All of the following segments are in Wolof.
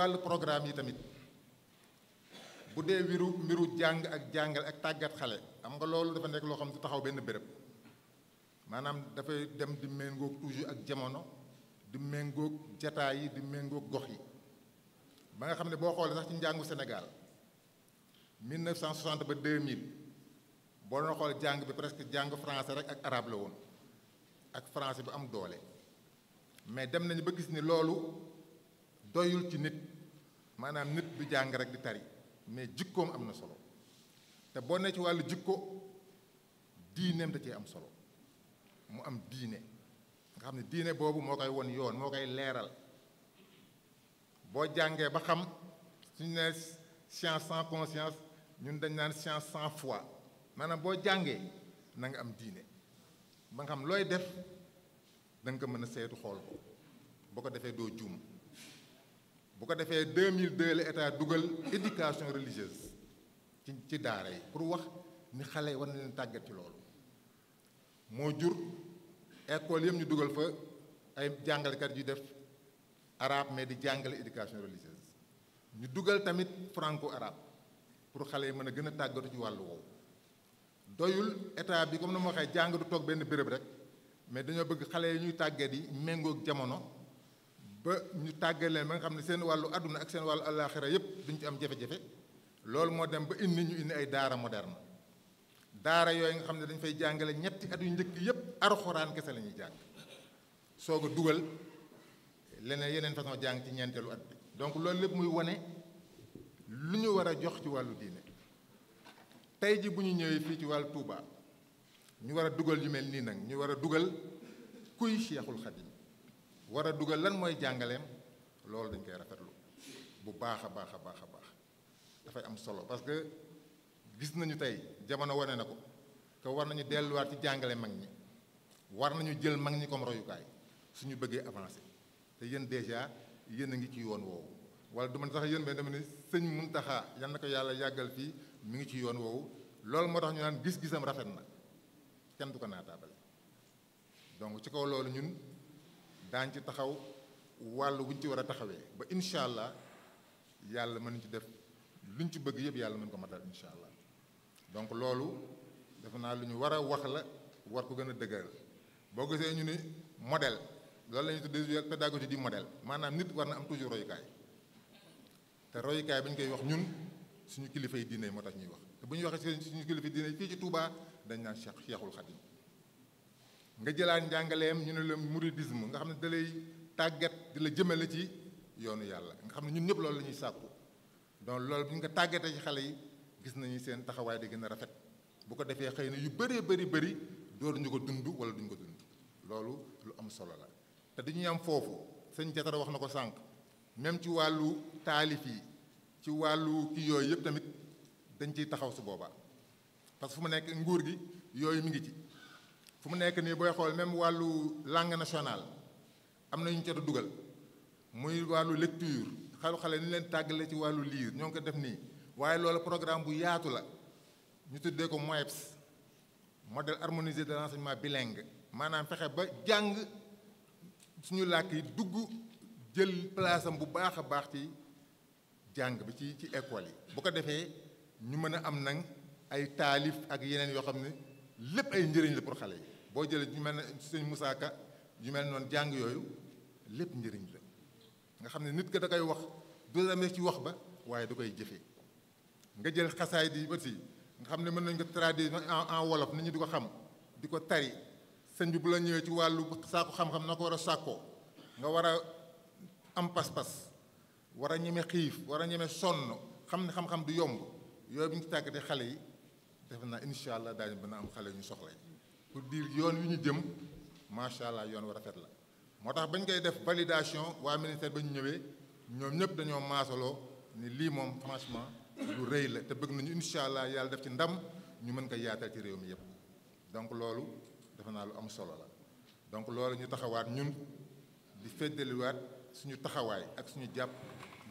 wàllu programme yi tamit bu dee wiru mbiru jàng ak jàngal ak tàggat xale am nga loolu dafa nekk loo xam du taxaw benn béréb maanaam dafay dem di méngoog toujours ak jamono di méngoog jataay yi di méngoog gox yi ba nga xam ne boo xoolee sax ci njàngu Sénégal 1960 ba 2000 boo doon xool jàng bi presque jàng français rek ak arabe la woon ak français bu am doole mais dem nañu ba gis ni loolu doyul ci nit maanaam nit du jàng rek di tari mais jikkoom am na solo te boo ne ci wàllu jikko diineem da cee am solo mu am diine nga xam ne diine boobu moo koy won yoon moo koy leeral boo jàngee ba xam suñu ne science sans conscience ñun dañ naan science sans foi maanaam boo jàngee nanga am diine ba nga xam looy def da ko mën a seetu xool ko boo ko defee doo juum bu ko defee 2002 la état dugal éducation religieuse ci ci daara yi pour wax ni xale yi war na leen tàggat ci loolu moo jur école yëpp ñu dugal fa ay jàngalekat yu def arabe mais di jàngale éducation religieuse ñu dugal tamit franco arabe pour xale yi mën a gën a tàggatu ci wàll woowu doyul état bi comme na ma waxee jàng du toog benn béréb rek mais dañoo bëgg xale yi ñuy tàggat yi méngoog jamono. ba ñu tàggaleen leen ba nga xam ne seen wàllu àdduna ak seen wàllu àllaaxira yëpp duñ ci am jafe-jafe loolu moo dem ba indi ñu indi ay daara moderne daara yooyu nga xam ne dañ fay jàngale ñetti at yu njëkk yëpp arxuraan kese la ñuy jàng soog a dugal leneen yeneen façon jàng ci ñeenteelu at donc loolu lépp muy wane lu ñu war a jox ci wàllu diine tey ji bu ñu ñëwee fii ci wàllu Touba ñu war a dugal yu mel nii nag ñu war a dugal kuy Cheikhul Khadim war a dugal lan mooy jàngaleem loolu dañ koy rafetlu bu baax a baax a baax a baax dafay am solo parce que gis nañu tey jamono wane na ko que war nañu delluwaat ci jàngale mag ñi war nañu jël mag ñi comme royukaay ñu bëggee avancer te yéen déjà yéen a ngi ci yoon woowu wala du man sax yéen ba dama ni sëñ Muntaxa yal na ko yàlla yàggal fii mu ngi ci yoon woowu loolu moo tax ñu naan gis-gisam rafet na kenn du ko naataabale donc ci kaw loolu ñun daañ ci taxaw wàll wuñ ci war a taxawee ba incha allah yàlla mën ci def luñ ci bëgg yëpp yàlla mën ko matal incha allah donc loolu defe naa lu ñu war a wax la war ko gën a dëgëral boo gisee ñu ni modèle loolu la ñuy tuddee pédagogie di model maanaam nit war na am toujours royukaay te royukaay bi ñu koy wax ñun suñu kilifa yi diine moo tax ñuy wax te bu ñu waxee suñu kilifa diine fii ci Touba dañ naan Cheikh Cheikhul Khadim nga jëlaat njàngaleem ñu ne la mouridisme nga xam ne da tàggat di la jëmale ci yoonu yàlla nga xam ne ñun ñëpp loolu la ñuy sàkku donc loolu bu ñu ko tàggatee ci xale yi gis nañu seen taxawaay di gën a rafet bu ko defee xëy na yu bëree bëri bëri door ñu ko dund wala duñ ko dund loolu lu am solo la te dañuy am foofu sëñ jatara wax na ko sànq même ci wàllu taalif yi ci wàllu kii yooyu yëpp tamit dañ ciy taxaw su booba parce que fu mu nekk nguur gi yooyu mi ngi ci fu mu nekk nii booy xool même wàllu langue nationale am na ñu ca dugal muy wàllu lecture xalu xale ni leen tàggale ci wàllu liir ñoo ngi ko def nii waaye loolu programme bu yaatu la ñu tuddee ko MOEPS modèle harmonisé de l'enseignement bilingue maanaam fexe ba jàng suñu làkk yi dugg jël place bu baax a baax ci jàng bi ci ci école yi bu ko defee ñu mën a am nag ay taalif ak yeneen yoo xam ne lépp ay njëriñ la pour xale yi boo jëlee ñu mel ne sëñ Moussa Ka ñu mel noonu jàng yooyu lépp njëriñ la nga xam ne nit ka da koy wax du demee ci wax ba waaye du koy jëfe nga jël xasaay di aussi nga xam ne mën nañ ko traduire en wolof nit ñi di ko xam di ko tari sëñ bi bu la ñëwee ci wàllu saako xam-xam na ko war a sàkkoo nga war a am pas-pas war a ñeme xiif war a ñeme sonn xam ne xam-xam du yomb yooyu bi ñu ci xale yi def naa incha allah mën a am xale ñu soxla pour dire yoon wi ñu jëm macha allah yoon wu rafet la moo tax bañ koy def validation waa ministère ba ñu ñëwee ñoom ñëpp dañoo maasaloo ni lii moom franchement lu rëy la te bëgg nañu incha allah yàlla def ci ndam ñu mën ko yaatal ci réew mi yëpp donc loolu defe naa lu am solo la donc loolu ñu taxawaat ñun di feddaliwaat suñu taxawaay ak suñu jàpp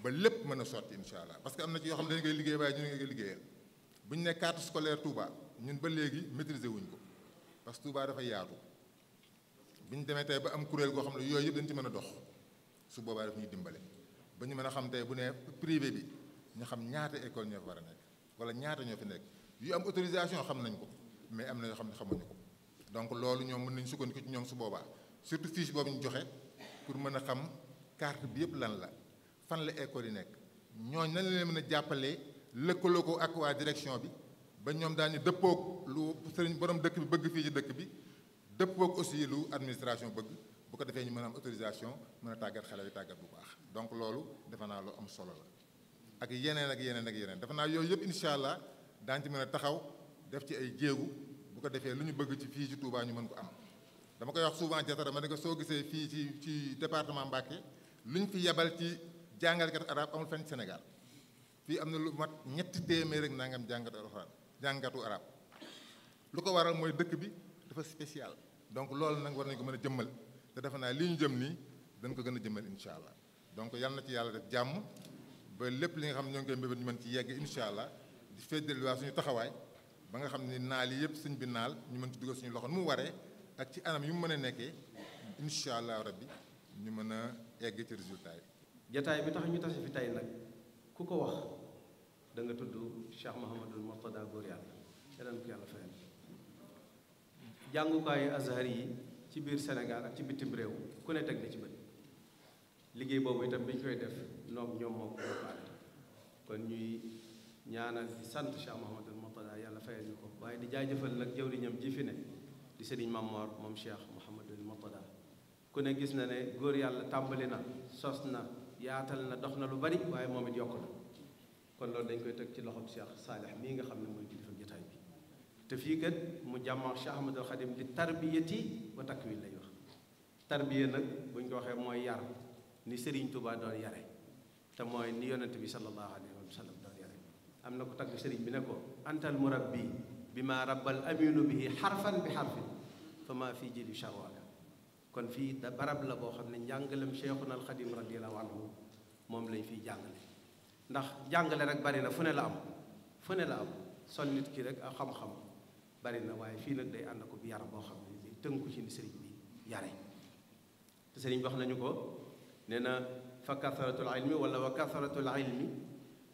ba lépp mën a sotti incha allah parce que am na ci yoo xam ne dañu koy liggéey waaye ñu ngi koy liggéeyal bu ñu ne carte scolaire Touba ñun ba léegi maîtriser wuñ ko. parce que Touba dafa yaatu bi ñu demee tey ba am kuréel goo xam ne yooyu yëpp dañ ci mën a dox su boobaa daf ñuy dimbale ba ñu mën a xam tey bu nee privé bi ñu xam ñaata école ñoo fi war a nekk wala ñaata ñoo fi nekk yu am autorisation xam nañ ko mais am na yoo xam ne xamuñu ko donc loolu ñoom mën nañ sukkandiku ci ñoom su boobaa surtout fiche boobu ñu joxe pour mën a xam carte bi yëpp lan la fan la école yi nekk ñooñ na leen mën a jàppale lëkkaloo ko ak waa direction bi ba ñoom daañu dëppoog lu sëriñ borom dëkk bi bëgg fii ci dëkk bi dëppoog aussi lu administration bëgg bu ko defee ñu mën am autorisation mën a tàggat xale yi tàggat bu baax donc loolu defe naa lu am solo la ak yeneen ak yeneen ak yeneen defe naa yooyu yëpp incha allah daañu ci mën a taxaw def ci ay jéegu bu ko defee lu ñu bëgg ci fii ci tuubaa ñu mën ko am dama koy wax souvent jatara ma ne ko soo gisee fii ci ci département Mbacké lu ñu fi yebal ci jàngalkat arab amul fenn Sénégal fii am na lu mat ñetti téeméer rek nangam jàngat alxuraan jàngatu arab lu ko waral mooy dëkk bi dafa spécial donc loolu nag war nañ ko mën a jëmmal te defe naa lii ñu jëm nii dañ ko gën a jëmmal incha allah donc yal na ci yàlla def jàmm ba lépp li nga xam ne ñoo ngi koy mbébét ñu mën ci yegg incha allah di féddaliwaa suñu taxawaay ba nga xam ni naal yi yëpp sëñ bi naal ñu mën ci dugal suñu loxo mu waree ak ci anam yi mu mën a nekkee incha allah rabbi ñu mën a egg ci résultat yi. jataay bi tax ñu tase fi tey nag ku ko wax. da nga tudd Cheikh Mouhamadul Mourtada góor yàlla yeneen ko yàlla fayal jàngukaayu azhar yi ci biir Sénégal ak ci bitim réew ku ne teg na ci bët liggéey boobu itam bi ñu koy def noog ñoom moo ko kon ñuy ñaanal di sant Cheikh Mouhamadul Mourtada yàlla fayal ñu ko waaye di jaajëfal nag jëwriñam ji fi ne di Serigne Mamor moom Cheikh Mouhamadul Mourtada ku ne gis na ne góor yàlla tàmbali na sos na yaatal na dox na lu bari waaye moom it yokk kon loolu dañ koy teg ci loxob Cheikh Saalih mii nga xam ne mooy kilifa jotaay bi te fii kat mu jàmma Cheikh Ahmadul Xadim di tarbiyati wa takwin lay wax tarbiya nag buñ ko waxee mooy yar ni Serigne Touba doon yare te mooy ni yonent bi sallallahu alayhi wa sallam doon yare am na ko tagg sëriñ bi ne ko antal murabbi bi ma rabbal aminu bihi xarfan bi xarfin fa maa fii jëli charwaaka kon fii da barab la boo xam ne njàngalem Cheikhuna al Xadim radiyallahu anhu moom lañ fiy jàngale ndax jàngale rek bari na fu ne la am fu la am son nit ki rek ak xam-xam bari na waaye fii nag day ànd ko bi yar boo xam ne day tënku ci ni sëriñ bi yare te sëriñ bi wax nañu ko nee na fa kasaratul ilmi wala wa kasaratul ilmi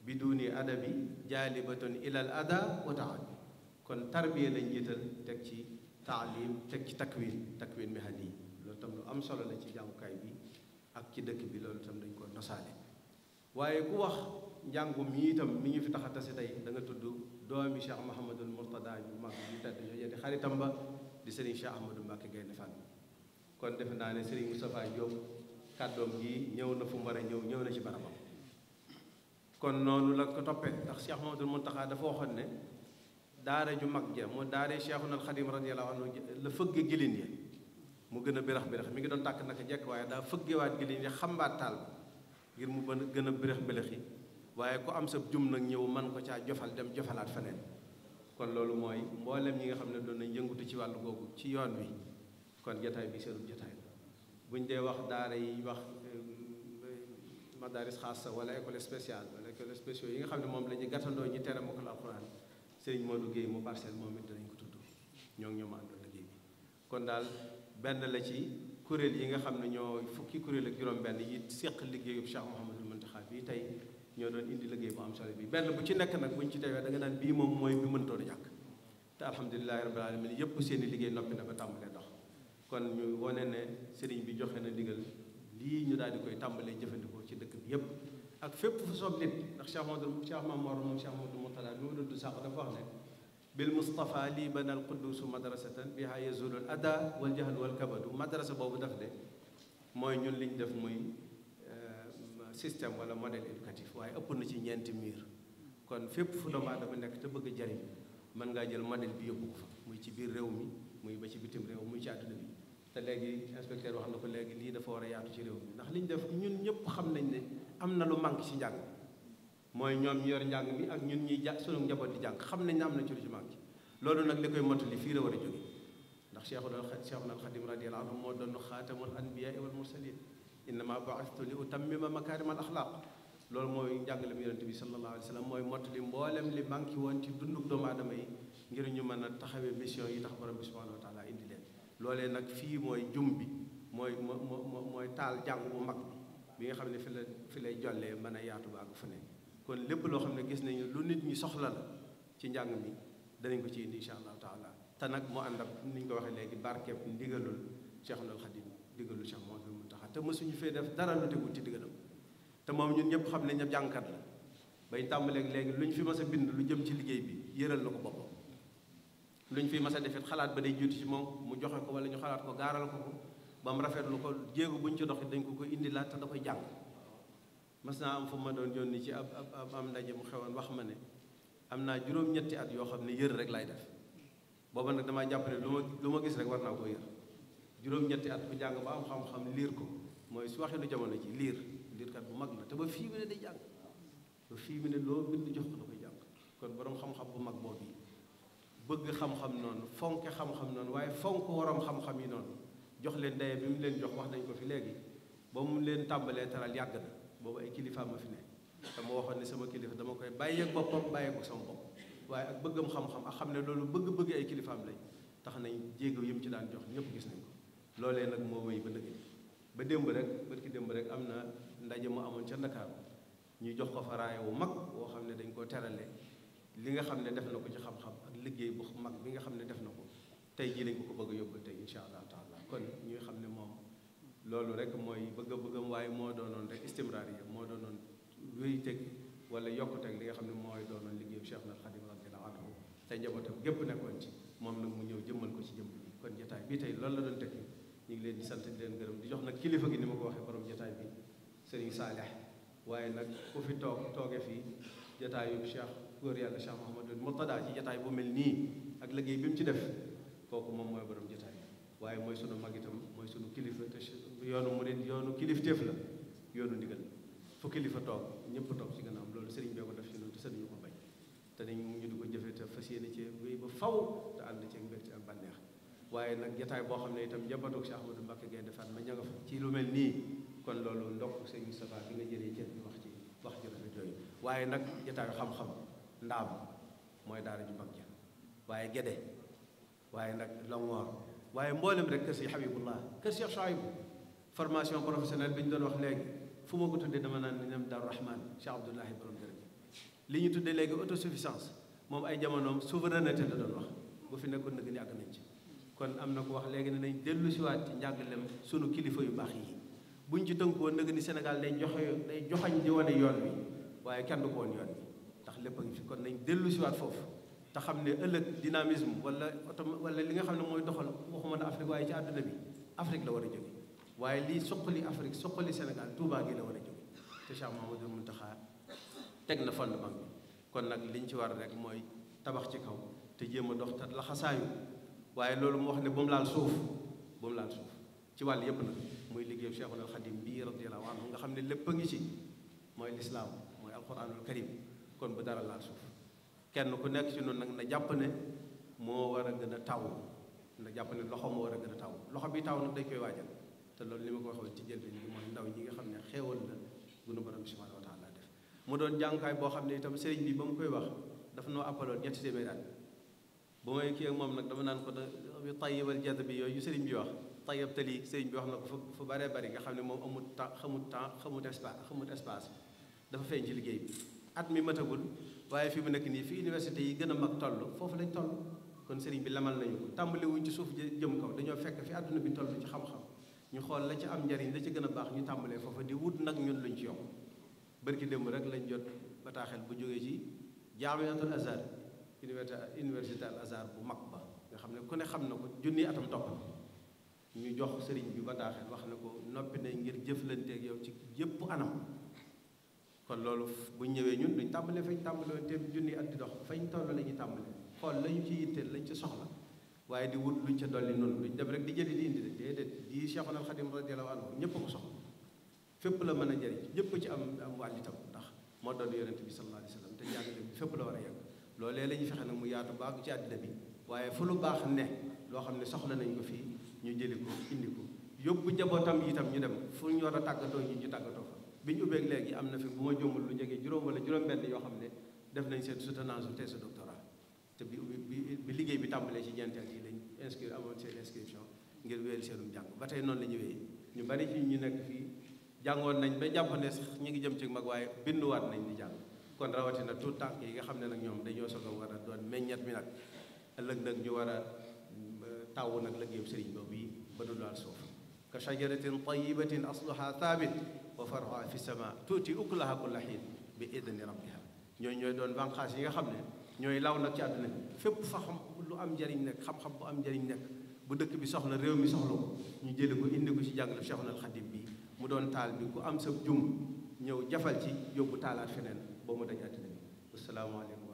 biduni adabi jaalibatun ilal ada wa taabi kon tarbiya lañ jiital teg ci taalim teg ci takwin takwin mihani loolu tam lu am solo la ci jàngukaay bi ak ci dëkk bi loolu tam dañ ko nosaale waaye ku wax njàngum mi itam mi ñu fi tax a tase tey danga nga tudd doomi Cheikh Mouhamadul Mourtada ñu mag ñu tedd ñoo di xaritam ba di Serigne Cheikh Ahmadou Mbacké Gaynde Fatma kon defe naa ne Serigne Moustapha Diop kàddoom gi ñëw na fu mu war a ñëw ñëw na ci barabam kon noonu la ko toppee ndax Cheikh Mouhamadul Mountakha dafa waxoon ne daara ju mag ja moo daaree Cheikhul Khadim radiyallahu anhu la fëgg gilin ya mu gën a birax birax mu ngi doon tàkk naka jekk waaye daa fëggewaat gilin ya xambaat taal ngir mu bën gën a bërëx bërëxi waaye ku am sa jum nag ñëw man ko caa jofal dem jofalaat feneen kon loolu mooy mboolem ñi nga xam ne doon nañ yëngutu ci wàllu googu ci yoon wi kon jataay bi seenub jataay ñu dee wax daara yi wax euh, madaris sa wala école spéciale wala école spéciale yi nga xam ne moom la ñuy gàttandoo ñu tere mokkal alxuraan sëriñ moo Guèye mu parcelle moom it danañ ko tudd ñoo ngi ñoom àndoon liggéey bi kon daal benn kuréel yi nga xam ne ñoo fukki kuréel ak juróom-benn yi seq liggéeyub Cheikh Mouhamadul Mountakha bii tey ñoo doon indi liggéey bu am solo bi benn bu ci nekk nag buñ ci tewee da nga naan bii moom mooy bi mëntoon a ñàkk te alhamdulilahi rabbil alamin yëpp seen i liggéey noppi na ba tàmbalee dox kon ñu wane ne sëriñ bi joxe na ndigal lii ñu daal di koy tàmbalee jëfandikoo ci dëkk bi yëpp ak fépp fu soob ndax Cheikh Mouhamadul Cheikh Mamour moom Cheikh Mouhamadul Moutala mi du sàq dafa wax ne bilmustapha lii bana alqudusu madrasatan biha yazulul ada waljahl walkabadu madrasa boobu daf de mooy ñun liñ def muy système wala modèle éducatif waaye ëpp na ci ñeenti miir kon fépp fu doomu aadama nekk te bëgg jariñ mën ngaa jël modèle bi yóbbu ko fa muy ci biir réew mi muy ba ci bitim réew muy ci àdduna bi te léegi inspecteur wax na ko léegi lii dafa war a yaatu ci réew mi ndax liñ def ñun ñëpp xam nañ ne am na lu manque ci njàng mooy ñoom ñu yor njàng mi ak ñun ñuy ja sunu njaboot di jàng xam nañ ne am na ci lu ci màgg loolu nag li koy motali fii la war a jóge ndax cheikhul cheikhuna alxadim radiallahu anhu moo doon xaatamul anbiyaa wal mursalin innama bu'istu li utammima makarim al axlaq loolu mooy njàngale mu bi sallallahu alayhi wa sallam mooy motali mboolem li manqué woon ci dunduk doomu aadama yi ngir ñu mën a taxawee mission yi tax borom bi subhanahu wa taala indi leen loolee nag fii mooy jum bi mooy moo moo moo mooy taal jàng bu mag bi nga xam ne fi la fi lay jollee mën a yaatu baa ak fu ne kon lépp loo xam ne gis nañu lu nit ñi soxla la ci njàng mi danañ ko ci indi incha allahu taala te nag mu ànd ak ni ñu ko waxee léegi barkeeb ndigalul Cheikhul Khadim ndigalul Cheikh Mouhamadou Mountakha te mësuñu fee def dara lu tegul ci ndigalam te moom ñun ñëpp xam ne ñëpp jàngkat la bay tàmbaleeg léegi lu ñu fi mas a bind lu jëm ci liggéey bi yëral na ko boppam lu ñu fi mas a defit xalaat ba day juuti ci moom mu joxe ko wala ñu xalaat ko gaaral ko ko ba mu rafetlu ko jéego bu ñu ci dox dañ ko koy indi te da koy jàng mas am fu ma doon yónni ci ab ab am ndaje mu xewoon wax ma ne am naa juróom-ñetti at yoo xam ne yër rek laay def booba nag damaa jàppale ne lu ma gis rek war naa ko yër juróom-ñetti at bu jàng ba am xam-xam liir ko mooy su waxee lu jamono ji liir liir kat bu mag la te ba fii mu ne day jàng ba fii mu ne loo bind jox ko da koy jàng kon borom xam-xam bu mag boobu bëgg xam-xam noonu fonke xam-xam noonu waaye fonk waroom xam-xam yi noonu jox leen daye bi mu leen jox ko fi léegi ba mu leen tàmbalee taral yàgg na boobu ay kilifaam ma fi ne dama waxoon ne sama kilifa dama koy bàyyi ak boppam bàyyi ko sama bopp waaye ak bëggam xam-xam ak xam ne loolu bëgg-bëgg ay kilifaam lañ tax nañ jéego yëm ci daan jox ñëpp gis nañ ko loolee nag moo ba dëgg ba démb rek barki démb rek am na ndaje mu amoon ca Ndakaaru ñu jox ko fa raaya wu mag woo xam ne dañ koo terale li nga xam ne def na ko ci xam-xam ak liggéey bu mag bi nga xam ne def na ko tey jii lañ ko ko bëgg a yóbbu tey incha allah taala kon ñuy xam ne moom loolu rek mooy bëgg a bëggam waaye moo doonoon rek istimraar yi moo doonoon wéy teg wala yokkuteg li nga xam ne mooy doonoon liggéeyu Cheikh Nal Xadim radiyallahu anhu te njabootam gépp nekkoon ci moom nag mu ñëw jëmmal ko ci jëmm bi kon jataay bi tey loolu la doon teg ñu ngi leen di sant leen gërëm di jox nag kilifa gi ni ma ko waxee borom jataay bi Serigne Saalih waaye nag ku fi toog tooge fii jataayu Cheikh góor yàlla Cheikh Mouhamadul Murtada ci jataay bu mel nii ak liggéey bi mu ci def kooku moom mooy borom jataay waaye mooy sunu mag itam mooy sunu kilifa te yoonu murid yoonu kilifteef la yoonu ndigal fu kilifa toog ñëpp toog ci gannaaw loolu sëriñ bee ko def ci noonu te sëriñ ñu ko bañ te nañ ñu di ko jëfe te fas yéene ci wéy ba faw te ànd ci mbir ci ak bànneex waaye nag jataay boo xam ne itam njabootug Cheikh Ahmadou Mbacké Gaïndé Fatma ña nga fa ci lu mel nii kon loolu ndokk sëriñ Moustapha bi nga jëlee jël wax ci wax ci rafet yooyu waaye nag jataayu xam-xam ndaam mooy daara ju mag ja waaye Gédé waaye nag Longhor waaye mboolem rek kër si Habibullah kër Cheikh Chouaïbou formation professionnelle bi ñu doon wax léegi fu ma ko tuddee dama naan ni dem Daaru Rahman Cheikh Abdoulahi borom dër li ñu tuddee léegi autosuffisance moom ay jamonoom souveraineté la doon wax bu fi nekkoon nag yàgg nañ ci kon am na ko wax léegi ne nañ dellu siwaat ci njàngalem sunu kilifa yu baax yi buñ ci tënkoon nag ni Sénégal day joxe day joxañ di wane yoon bi waaye kenn du ko woon yoon bi ndax lépp a ngi fi kon nañ dellu siwaat foofu te xam ne ëllëg dynamisme wala oto wala li nga xam ne mooy doxal waxuma ne Afrique waaye ci àdduna bi Afrique la war a jóge waaye lii suqali Afrique suqali Sénégal Touba gi la war a jóge te Cheikh Mouhamadou Mountakha teg na fondement bi kon nag liñ ci war a rek mooy tabax ci kaw te jéem a dox te laxasaayu waaye loolu mu wax ne ba mu laal suuf ba mu laal suuf ci wàll yépp nag muy liggéeyu Cheikhul Khadim bii radiyallahu nga xam ne lépp a ngi ci mooy lislaam mooy alquranul karim kon bu dara laal suuf kenn ku nekk ci noonu nag na jàpp ne moo war a gën a taw na jàpp ne loxo moo war a gën a taw loxo bi taw nag dañ koy waajal te loolu li ma ko waxoon ci njëlbéen bi mooy ndaw ñi nga xam ne xéewal la gunu borom bi subhaanahu wa def mu doon jàngukaay boo xam ne itam sëriñ bi ba mu koy wax daf noo appaloon ñetti téeméeri at ba may moom nag dama naan ko tayyibal jadd bi yooyu sëriñ bi wax tayyab tali sëriñ bi wax na ko fa fa baree bari nga xam ne moom amul temps xamul temps xamul espace xamul espace dafa feeñ ci liggéey bi at mi matagul waaye fi mu nekk nii fi université yi gën a mag toll foofu lañ toll kon sëriñ bi lamal nañu ko ci suuf jëm kaw dañoo fekk fi àdduna bi toll ci xam-xam ñu xool la ci am njariñ la ci gën a baax ñu tàmbalee foofa di wut nag ñun luñ ci yokk bërki démb rek lañ jot bataaxel bu jógee ci jaamiatul azhar université al azhar bu mag ba nga xam ne ku ne xam na ko junni atam topp ñu jox sëriñ bi bataaxel wax na ko noppi na ngir jëflanteeg yow ci yépp anam kon loolu bu ñëwee ñun duñ tàmbalee fañ tàmbalee woon te junni at di dox fañ toll la ñuy tàmbalee xool la ci yitteel lañ ci soxla waaye di wut luñ ca dolli noonu ñu dem rek di jëli di indi de déedéet di Cheikhul Khadim radiyallahu anhu ñëpp ko soxla fépp la mën a jëriñ ñëpp ci am am wàll itam ndax moo doon yonent bi sallallahu alayhi wa sallam te jàngale fépp la war a yegg loolee la ñu fexe nag mu yaatu baax ci àddina bi waaye fu lu baax ne loo xam ne soxla nañ ko fii ñu jëli ko indi ko yóbbu njabootam itam ñu dem fu ñu war a tàggatoo ñu ñu tàggatoo fa bi ñu ubbeeg léegi am na fi bu ma jëmul lu jege juróom wala juróom-benn yoo xam ne def nañ seen soutenance su thèse doctorat te bi bi bi liggéey bi tàmbalee ci ñeenteel yi lañ inscrire amoon seen inscription ngir wéyal seenum jàng ba tey noonu la ñu ñu bari ci ñu nekk fii jàngoon nañ ba jàpp ne sax ñu ngi jëm ci mag waaye binduwaat nañ di jàng kon rawatina tout tànk yi nga xam ne nag ñoom dañoo soog a war a doon meññat mi nag ëllëg nag ñu war a taw nag liggéeyub sëriñ boobu yi ba du laal suuf ka shajaratin tayibatin asluha thabit a farha fi sama tuuti ukulaha kulla xiin bi idni rabbiha ñooñu ñooy doon yi nga xam ne ñooy law nag ci àdduna bi fépp fa xam lu am njariñ nekk xam-xam bu am njariñ nekk bu dëkk bi soxla réew mi soxla ko ñu jële ko indi ko ci jàngale Cheikhul Khadim bi mu doon taal bi ku am sa jum ñëw jafal ci yóbbu taalaat feneen ba mu daj àdduna bi asalaamaaleykum